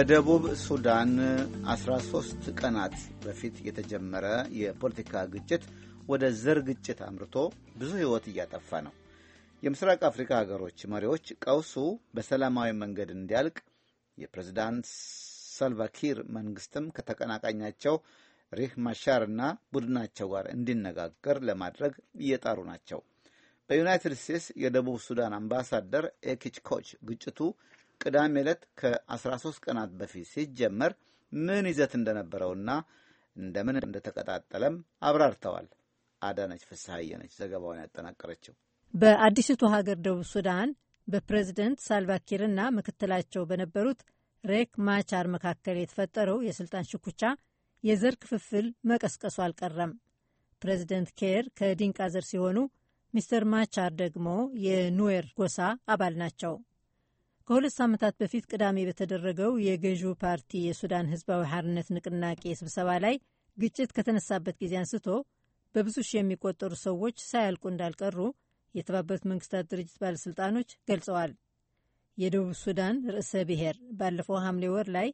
በደቡብ ሱዳን 13 ቀናት በፊት የተጀመረ የፖለቲካ ግጭት ወደ ዘር ግጭት አምርቶ ብዙ ሕይወት እያጠፋ ነው። የምስራቅ አፍሪካ ሀገሮች መሪዎች ቀውሱ በሰላማዊ መንገድ እንዲያልቅ የፕሬዝዳንት ሳልቫኪር መንግስትም ከተቀናቃኛቸው ሪህ ማሻር ቡድናቸው ጋር እንዲነጋገር ለማድረግ እየጣሩ ናቸው። በዩናይትድ ስቴትስ የደቡብ ሱዳን አምባሳደር ኤኪች ኮች ግጭቱ ቅዳሜ ዕለት ከ13 ቀናት በፊት ሲጀመር ምን ይዘት እንደነበረውና እንደምን እንደተቀጣጠለም አብራርተዋል። አዳነች ፍስሐዬ ነች ዘገባውን ያጠናቀረችው። በአዲስቱ ሀገር ደቡብ ሱዳን በፕሬዝደንት ሳልቫኪርና ምክትላቸው በነበሩት ሬክ ማቻር መካከል የተፈጠረው የስልጣን ሽኩቻ የዘር ክፍፍል መቀስቀሱ አልቀረም። ፕሬዚደንት ኬር ከዲንቃ ዘር ሲሆኑ ሚስተር ማቻር ደግሞ የኑዌር ጎሳ አባል ናቸው። ከሁለት ሳምንታት በፊት ቅዳሜ በተደረገው የገዢው ፓርቲ የሱዳን ህዝባዊ ሐርነት ንቅናቄ ስብሰባ ላይ ግጭት ከተነሳበት ጊዜ አንስቶ በብዙ ሺህ የሚቆጠሩ ሰዎች ሳያልቁ እንዳልቀሩ የተባበሩት መንግስታት ድርጅት ባለሥልጣኖች ገልጸዋል። የደቡብ ሱዳን ርዕሰ ብሔር ባለፈው ሐምሌ ወር ላይ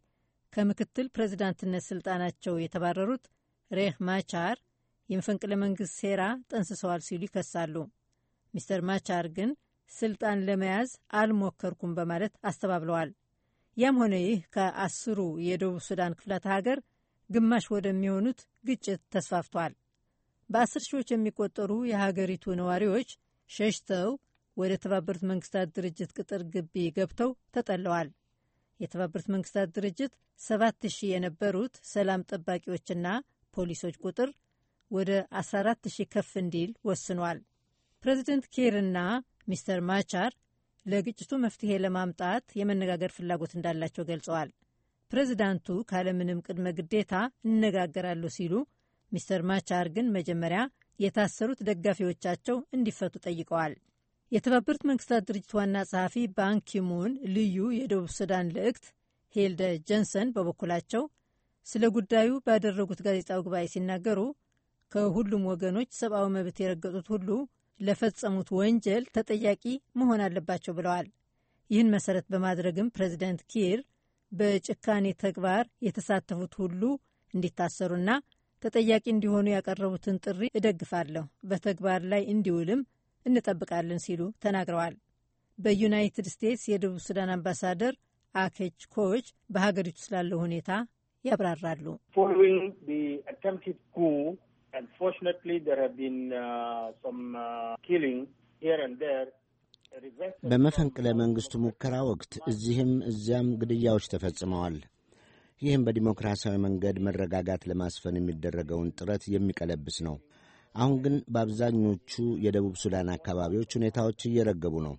ከምክትል ፕሬዚዳንትነት ስልጣናቸው የተባረሩት ሬህ ማቻር የመፈንቅለ መንግሥት ሴራ ጠንስሰዋል ሲሉ ይከሳሉ። ሚስተር ማቻር ግን ስልጣን ለመያዝ አልሞከርኩም በማለት አስተባብለዋል። ያም ሆነ ይህ ከአስሩ የደቡብ ሱዳን ክፍላተ ሀገር ግማሽ ወደሚሆኑት ግጭት ተስፋፍቷል። በአስር ሺዎች የሚቆጠሩ የሀገሪቱ ነዋሪዎች ሸሽተው ወደ ተባበሩት መንግስታት ድርጅት ቅጥር ግቢ ገብተው ተጠለዋል። የተባበሩት መንግስታት ድርጅት ሰባት ሺህ የነበሩት ሰላም ጠባቂዎችና ፖሊሶች ቁጥር ወደ 14 ሺህ ከፍ እንዲል ወስኗል። ፕሬዚደንት ኬርና ሚስተር ማቻር ለግጭቱ መፍትሄ ለማምጣት የመነጋገር ፍላጎት እንዳላቸው ገልጸዋል። ፕሬዚዳንቱ ካለምንም ቅድመ ግዴታ እነጋገራለሁ ሲሉ፣ ሚስተር ማቻር ግን መጀመሪያ የታሰሩት ደጋፊዎቻቸው እንዲፈቱ ጠይቀዋል። የተባበሩት መንግስታት ድርጅት ዋና ጸሐፊ ባንኪሙን ልዩ የደቡብ ሱዳን ልዕክት ሄልደ ጀንሰን በበኩላቸው ስለ ጉዳዩ ባደረጉት ጋዜጣዊ ጉባኤ ሲናገሩ ከሁሉም ወገኖች ሰብአዊ መብት የረገጡት ሁሉ ለፈጸሙት ወንጀል ተጠያቂ መሆን አለባቸው ብለዋል። ይህን መሰረት በማድረግም ፕሬዚደንት ኪር በጭካኔ ተግባር የተሳተፉት ሁሉ እንዲታሰሩና ተጠያቂ እንዲሆኑ ያቀረቡትን ጥሪ እደግፋለሁ፣ በተግባር ላይ እንዲውልም እንጠብቃለን ሲሉ ተናግረዋል። በዩናይትድ ስቴትስ የደቡብ ሱዳን አምባሳደር አኬች ኮች በሀገሪቱ ስላለው ሁኔታ ያብራራሉ። Unfortunately, there have been uh, some uh, killing here and there. በመፈንቅለ መንግሥቱ ሙከራ ወቅት እዚህም እዚያም ግድያዎች ተፈጽመዋል። ይህም በዲሞክራሲያዊ መንገድ መረጋጋት ለማስፈን የሚደረገውን ጥረት የሚቀለብስ ነው። አሁን ግን በአብዛኞቹ የደቡብ ሱዳን አካባቢዎች ሁኔታዎች እየረገቡ ነው።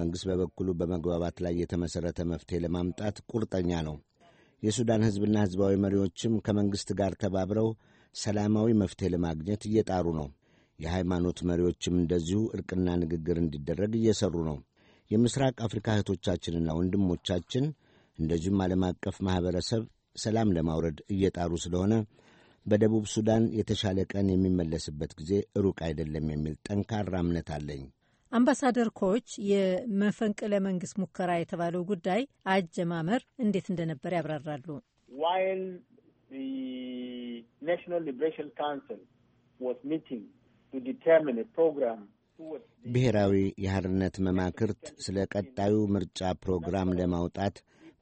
መንግሥት በበኩሉ በመግባባት ላይ የተመሠረተ መፍትሔ ለማምጣት ቁርጠኛ ነው። የሱዳን ሕዝብና ሕዝባዊ መሪዎችም ከመንግሥት ጋር ተባብረው ሰላማዊ መፍትሄ ለማግኘት እየጣሩ ነው። የሃይማኖት መሪዎችም እንደዚሁ እርቅና ንግግር እንዲደረግ እየሰሩ ነው። የምስራቅ አፍሪካ እህቶቻችንና ወንድሞቻችን እንደዚሁም ዓለም አቀፍ ማኅበረሰብ ሰላም ለማውረድ እየጣሩ ስለሆነ በደቡብ ሱዳን የተሻለ ቀን የሚመለስበት ጊዜ ሩቅ አይደለም የሚል ጠንካራ እምነት አለኝ። አምባሳደር ኮች የመፈንቅለ መንግሥት ሙከራ የተባለው ጉዳይ አጀማመር እንዴት እንደነበር ያብራራሉ። the National Liberation Council was meeting to determine a program ብሔራዊ የሐርነት መማክርት ስለ ቀጣዩ ምርጫ ፕሮግራም ለማውጣት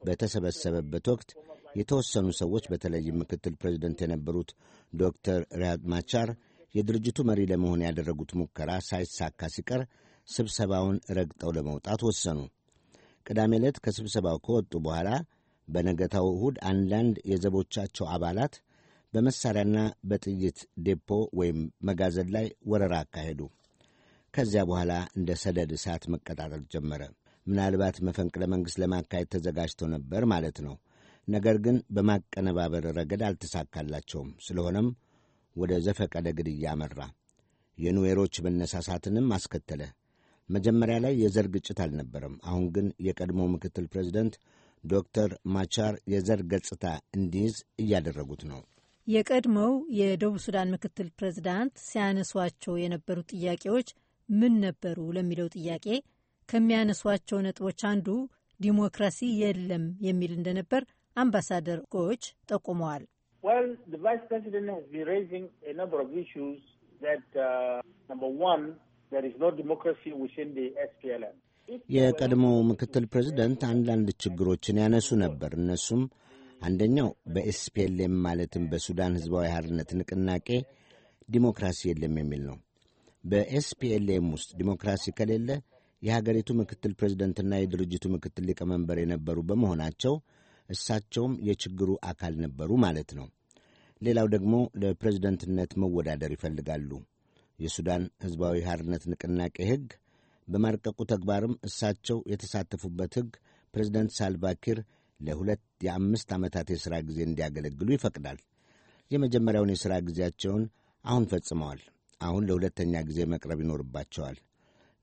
በተሰበሰበበት ወቅት የተወሰኑ ሰዎች በተለይም ምክትል ፕሬዚደንት የነበሩት ዶክተር ሪያድ ማቻር የድርጅቱ መሪ ለመሆን ያደረጉት ሙከራ ሳይሳካ ሲቀር ስብሰባውን ረግጠው ለመውጣት ወሰኑ። ቅዳሜ ዕለት ከስብሰባው ከወጡ በኋላ በነገታው እሁድ አንዳንድ የዘቦቻቸው አባላት በመሳሪያና በጥይት ዴፖ ወይም መጋዘን ላይ ወረራ አካሄዱ። ከዚያ በኋላ እንደ ሰደድ እሳት መቀጣጠል ጀመረ። ምናልባት መፈንቅለ መንግሥት ለማካሄድ ተዘጋጅተው ነበር ማለት ነው። ነገር ግን በማቀነባበር ረገድ አልተሳካላቸውም። ስለሆነም ወደ ዘፈቀደ ግድያ አመራ። የኑዌሮች መነሳሳትንም አስከተለ። መጀመሪያ ላይ የዘር ግጭት አልነበረም። አሁን ግን የቀድሞ ምክትል ፕሬዚደንት ዶክተር ማቻር የዘር ገጽታ እንዲይዝ እያደረጉት ነው። የቀድሞው የደቡብ ሱዳን ምክትል ፕሬዚዳንት ሲያነሷቸው የነበሩ ጥያቄዎች ምን ነበሩ ለሚለው ጥያቄ ከሚያነሷቸው ነጥቦች አንዱ ዲሞክራሲ የለም የሚል እንደነበር አምባሳደር ጎች ጠቁመዋል። የቀድሞው ምክትል ፕሬዚደንት አንዳንድ ችግሮችን ያነሱ ነበር። እነሱም አንደኛው በኤስፒኤልኤም ማለትም በሱዳን ሕዝባዊ ሐርነት ንቅናቄ ዲሞክራሲ የለም የሚል ነው። በኤስፒኤልኤም ውስጥ ዲሞክራሲ ከሌለ የሀገሪቱ ምክትል ፕሬዚደንትና የድርጅቱ ምክትል ሊቀመንበር የነበሩ በመሆናቸው እሳቸውም የችግሩ አካል ነበሩ ማለት ነው። ሌላው ደግሞ ለፕሬዚደንትነት መወዳደር ይፈልጋሉ። የሱዳን ሕዝባዊ ሐርነት ንቅናቄ ሕግ በማርቀቁ ተግባርም እሳቸው የተሳተፉበት ሕግ ፕሬዚደንት ሳልቫኪር ለሁለት የአምስት ዓመታት የሥራ ጊዜ እንዲያገለግሉ ይፈቅዳል። የመጀመሪያውን የሥራ ጊዜያቸውን አሁን ፈጽመዋል። አሁን ለሁለተኛ ጊዜ መቅረብ ይኖርባቸዋል።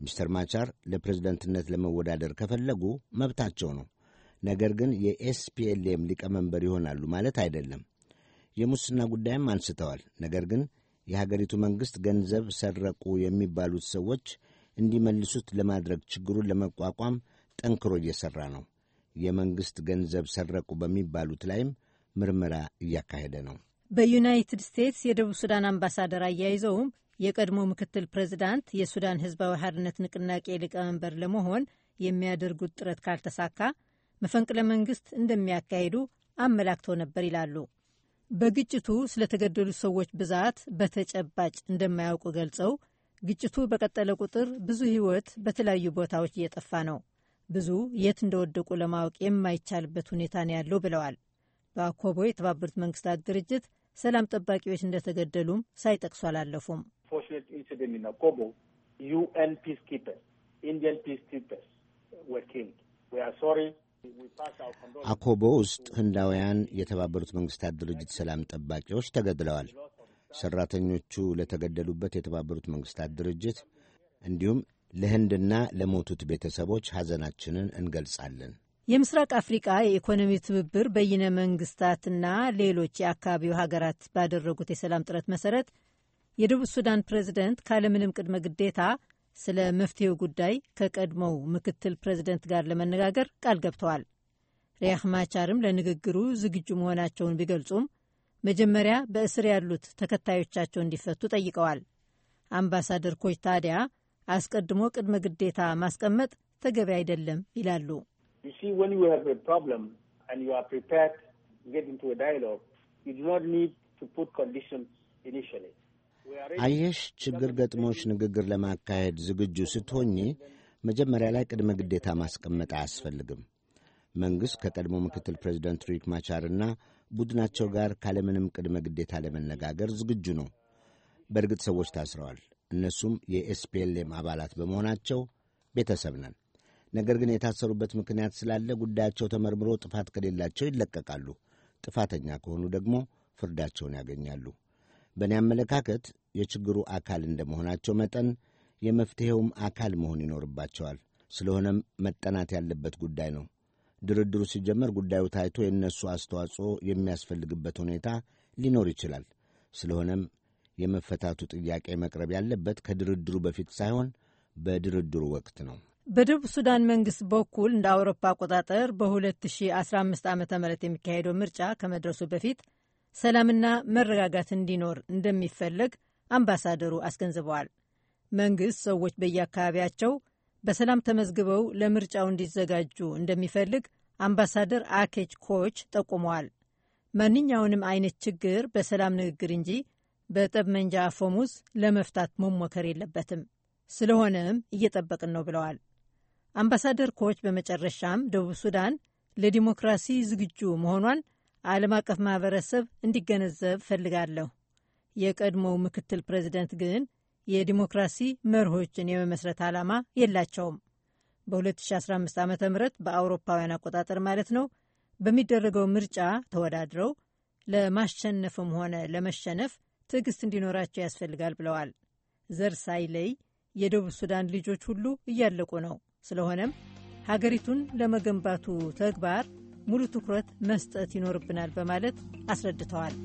ሚስተር ማቻር ለፕሬዝደንትነት ለመወዳደር ከፈለጉ መብታቸው ነው። ነገር ግን የኤስፒኤልኤም ሊቀመንበር ይሆናሉ ማለት አይደለም። የሙስና ጉዳይም አንስተዋል። ነገር ግን የሀገሪቱ መንግሥት ገንዘብ ሰረቁ የሚባሉት ሰዎች እንዲመልሱት ለማድረግ ችግሩን ለመቋቋም ጠንክሮ እየሠራ ነው። የመንግሥት ገንዘብ ሰረቁ በሚባሉት ላይም ምርመራ እያካሄደ ነው። በዩናይትድ ስቴትስ የደቡብ ሱዳን አምባሳደር አያይዘውም የቀድሞ ምክትል ፕሬዚዳንት የሱዳን ሕዝባዊ ሀርነት ንቅናቄ ሊቀመንበር ለመሆን የሚያደርጉት ጥረት ካልተሳካ መፈንቅለ መንግሥት እንደሚያካሂዱ አመላክተው ነበር ይላሉ። በግጭቱ ስለተገደሉት ሰዎች ብዛት በተጨባጭ እንደማያውቁ ገልጸው ግጭቱ በቀጠለ ቁጥር ብዙ ሕይወት በተለያዩ ቦታዎች እየጠፋ ነው። ብዙ የት እንደወደቁ ለማወቅ የማይቻልበት ሁኔታ ነው ያለው ብለዋል። በአኮቦ የተባበሩት መንግስታት ድርጅት ሰላም ጠባቂዎች እንደተገደሉም ሳይጠቅሱ አላለፉም። አኮቦ ውስጥ ህንዳውያን የተባበሩት መንግስታት ድርጅት ሰላም ጠባቂዎች ተገድለዋል። ሠራተኞቹ ለተገደሉበት የተባበሩት መንግሥታት ድርጅት እንዲሁም ለህንድና ለሞቱት ቤተሰቦች ሐዘናችንን እንገልጻለን። የምስራቅ አፍሪቃ የኢኮኖሚ ትብብር በይነ መንግስታትና ሌሎች የአካባቢው ሀገራት ባደረጉት የሰላም ጥረት መሰረት የደቡብ ሱዳን ፕሬዝደንት ካለምንም ቅድመ ግዴታ ስለ መፍትሄው ጉዳይ ከቀድሞው ምክትል ፕሬዝደንት ጋር ለመነጋገር ቃል ገብተዋል። ሪያህ ማቻርም ለንግግሩ ዝግጁ መሆናቸውን ቢገልጹም መጀመሪያ በእስር ያሉት ተከታዮቻቸው እንዲፈቱ ጠይቀዋል። አምባሳደር ኮች ታዲያ አስቀድሞ ቅድመ ግዴታ ማስቀመጥ ተገቢ አይደለም ይላሉ። አየሽ፣ ችግር ገጥሞች ንግግር ለማካሄድ ዝግጁ ስትሆኚ መጀመሪያ ላይ ቅድመ ግዴታ ማስቀመጥ አያስፈልግም። መንግሥት ከቀድሞ ምክትል ፕሬዚደንት ሪክ ማቻርና ቡድናቸው ጋር ካለምንም ቅድመ ግዴታ ለመነጋገር ዝግጁ ነው። በእርግጥ ሰዎች ታስረዋል። እነሱም የኤስፒኤልኤም አባላት በመሆናቸው ቤተሰብ ነን። ነገር ግን የታሰሩበት ምክንያት ስላለ ጉዳያቸው ተመርምሮ ጥፋት ከሌላቸው ይለቀቃሉ። ጥፋተኛ ከሆኑ ደግሞ ፍርዳቸውን ያገኛሉ። በእኔ አመለካከት የችግሩ አካል እንደመሆናቸው መጠን የመፍትሔውም አካል መሆን ይኖርባቸዋል። ስለሆነም መጠናት ያለበት ጉዳይ ነው። ድርድሩ ሲጀመር ጉዳዩ ታይቶ የእነሱ አስተዋጽኦ የሚያስፈልግበት ሁኔታ ሊኖር ይችላል። ስለሆነም የመፈታቱ ጥያቄ መቅረብ ያለበት ከድርድሩ በፊት ሳይሆን በድርድሩ ወቅት ነው። በደቡብ ሱዳን መንግስት በኩል እንደ አውሮፓ አቆጣጠር በ2015 ዓ ም የሚካሄደው ምርጫ ከመድረሱ በፊት ሰላምና መረጋጋት እንዲኖር እንደሚፈለግ አምባሳደሩ አስገንዝበዋል። መንግስት ሰዎች በየአካባቢያቸው በሰላም ተመዝግበው ለምርጫው እንዲዘጋጁ እንደሚፈልግ አምባሳደር አኬች ኮች ጠቁመዋል። ማንኛውንም አይነት ችግር በሰላም ንግግር እንጂ በጠብመንጃ አፈሙዝ ለመፍታት መሞከር የለበትም፣ ስለሆነም እየጠበቅን ነው ብለዋል። አምባሳደር ኮች በመጨረሻም ደቡብ ሱዳን ለዲሞክራሲ ዝግጁ መሆኗን ዓለም አቀፍ ማህበረሰብ እንዲገነዘብ ፈልጋለሁ። የቀድሞው ምክትል ፕሬዚደንት ግን የዲሞክራሲ መርሆችን የመመስረት ዓላማ የላቸውም። በ2015 ዓ ም በአውሮፓውያን አቆጣጠር ማለት ነው በሚደረገው ምርጫ ተወዳድረው ለማሸነፍም ሆነ ለመሸነፍ ትዕግስት እንዲኖራቸው ያስፈልጋል ብለዋል። ዘር ሳይለይ የደቡብ ሱዳን ልጆች ሁሉ እያለቁ ነው። ስለሆነም ሀገሪቱን ለመገንባቱ ተግባር ሙሉ ትኩረት መስጠት ይኖርብናል በማለት አስረድተዋል።